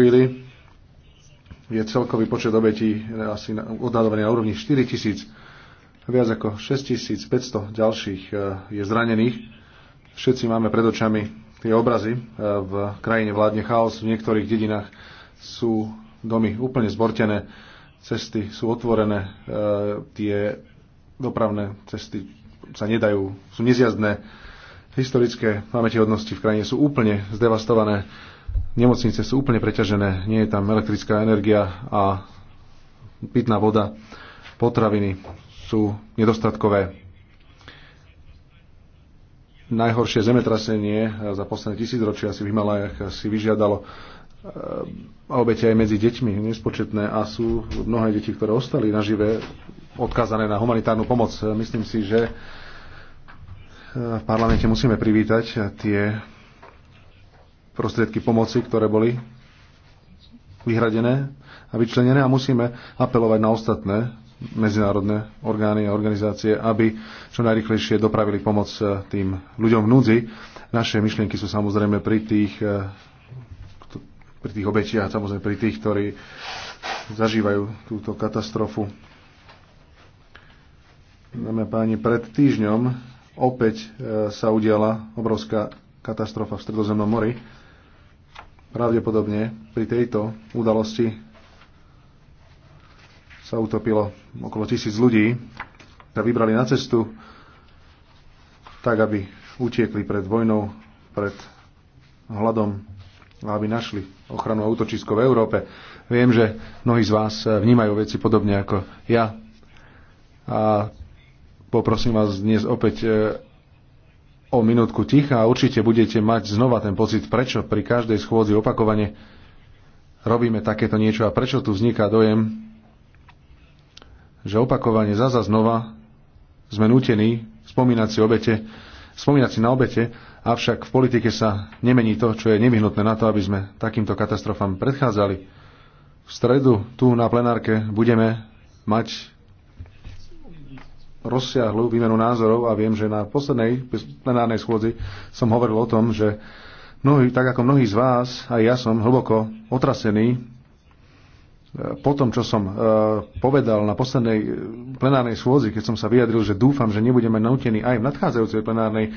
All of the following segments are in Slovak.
chvíli je celkový počet obetí eh, asi odhadovaný na úrovni 4 tisíc. Viac ako 6500 ďalších eh, je zranených. Všetci máme pred očami tie obrazy. Eh, v krajine vládne chaos, v niektorých dedinách sú domy úplne zbortené, cesty sú otvorené, tie dopravné cesty sa nedajú, sú nezjazdné. Historické pamätihodnosti v krajine sú úplne zdevastované Nemocnice sú úplne preťažené, nie je tam elektrická energia a pitná voda, potraviny sú nedostatkové. Najhoršie zemetrasenie za posledné tisícročia si v Himalajach si vyžiadalo eh, obete aj medzi deťmi nespočetné a sú mnohé deti, ktoré ostali nažive odkázané na humanitárnu pomoc. Myslím si, že eh, v parlamente musíme privítať tie prostriedky pomoci, ktoré boli vyhradené a vyčlenené a musíme apelovať na ostatné medzinárodné orgány a organizácie, aby čo najrychlejšie dopravili pomoc e, tým ľuďom v núdzi. Naše myšlienky sú samozrejme pri tých, e, pri tých obetiach, samozrejme pri tých, ktorí zažívajú túto katastrofu. Dámy a páni, pred týždňom opäť e, sa udiala obrovská katastrofa v Stredozemnom mori. Pravdepodobne pri tejto udalosti sa utopilo okolo tisíc ľudí, sa vybrali na cestu tak, aby utiekli pred vojnou, pred hladom a aby našli ochranu a útočisko v Európe. Viem, že mnohí z vás vnímajú veci podobne ako ja. A poprosím vás dnes opäť e, o minútku ticha a určite budete mať znova ten pocit, prečo pri každej schôdzi opakovane robíme takéto niečo a prečo tu vzniká dojem, že opakovane zaza znova sme nutení spomínať si obete, spomínať si na obete, avšak v politike sa nemení to, čo je nevyhnutné na to, aby sme takýmto katastrofám predchádzali. V stredu tu na plenárke budeme mať rozsiahlu výmenu názorov a viem, že na poslednej plenárnej schôdzi som hovoril o tom, že mnohí, tak ako mnohí z vás, aj ja som hlboko otrasený e, po tom, čo som e, povedal na poslednej e, plenárnej schôdzi, keď som sa vyjadril, že dúfam, že nebudeme nutení aj v nadchádzajúcej plenárnej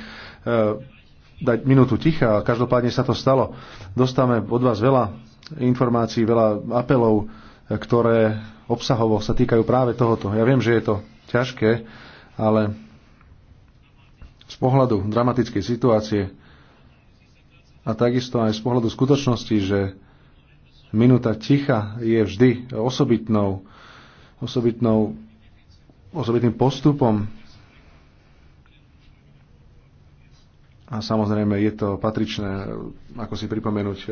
dať minútu ticha, a každopádne sa to stalo. Dostávame od vás veľa informácií, veľa apelov, ktoré obsahovo sa týkajú práve tohoto. Ja viem, že je to ťažké, ale z pohľadu dramatickej situácie a takisto aj z pohľadu skutočnosti, že minúta ticha je vždy osobitnou, osobitnou, osobitným postupom a samozrejme je to patričné, ako si pripomenúť e,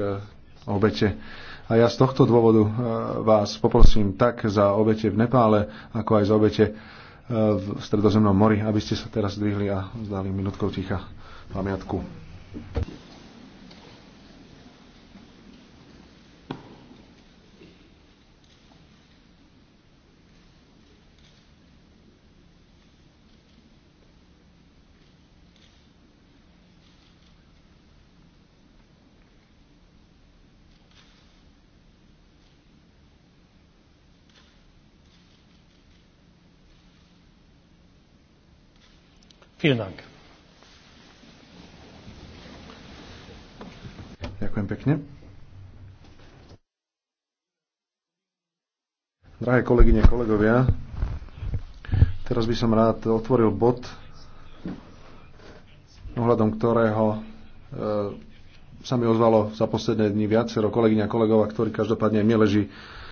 obete. A ja z tohto dôvodu e, vás poprosím tak za obete v Nepále, ako aj za obete v Stredozemnom mori, aby ste sa teraz zdvihli a zdali minútkou ticha pamiatku. Vielen Dank. Ďakujem pekne. Drahé kolegyne, kolegovia, teraz by som rád otvoril bod, ohľadom ktorého e, sa mi ozvalo za posledné dni viacero kolegyň a kolegov, a ktorý každopádne mi leží